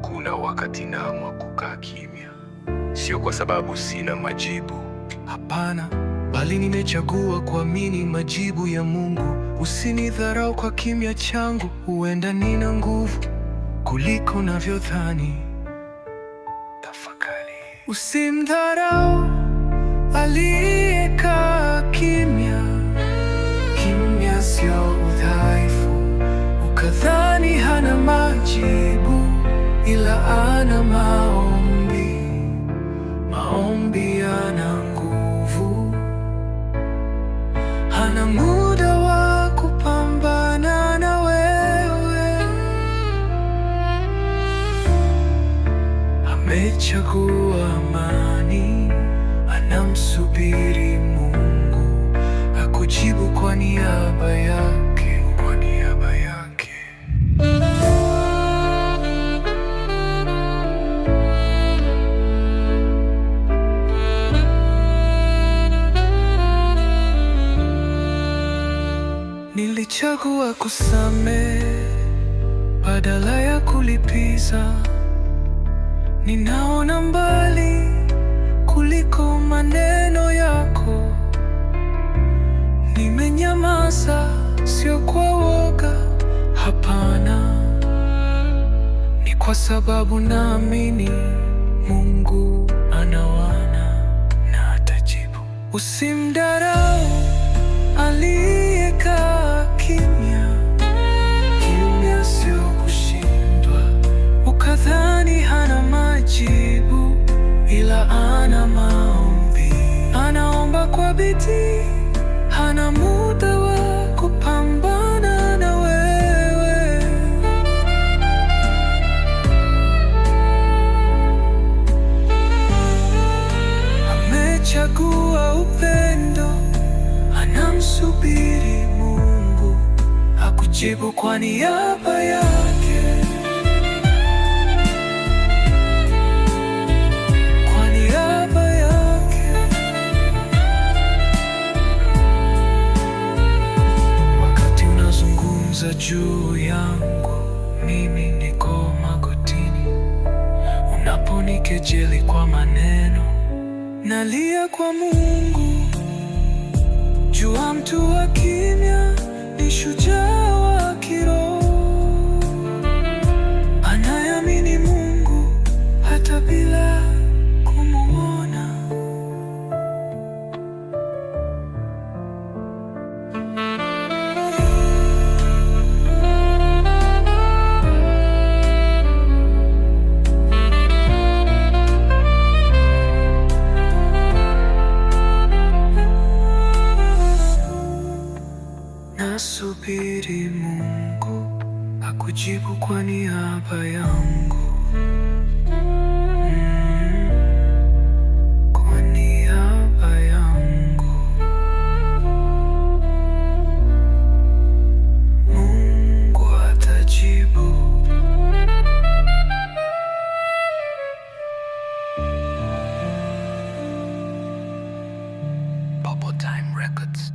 Kuna wakati naamua kukaa kimya, sio kwa sababu sina majibu, hapana, bali nimechagua kuamini majibu ya Mungu. Usinidharau kwa kimya changu, huenda nina nguvu kuliko navyodhani. Tafakari, usimdharau aliyekaa kimya kimya, sio udhaifu. Ukadhani hana majibu, ila ana maombi. Maombi yana nguvu, hana muda wa kupambana na wewe, amechagua amani namsubiri Mungu akujibu kwa niaba yake, kwa niaba yake. Nilichagua kusamehe badala ya kulipiza, ninaona mbali kuliko maneno yako. Nimenyamaza, sio kwa woga, hapana, ni kwa sababu naamini Mungu anawana na atajibu. Usimdarau ali Anachagua upendo, anamsubiri Mungu akujibu kwa niaba yake, kwa juu yangu, mimi niko magotini, unaponikejeli kwa maneno nalia kwa Mungu, jua mtu wa kimya ni shujaa. Ninasubiri Mungu akujibu kwa niaba yangu, mm, yangu. Mungu atajibu. Bubble Time Records.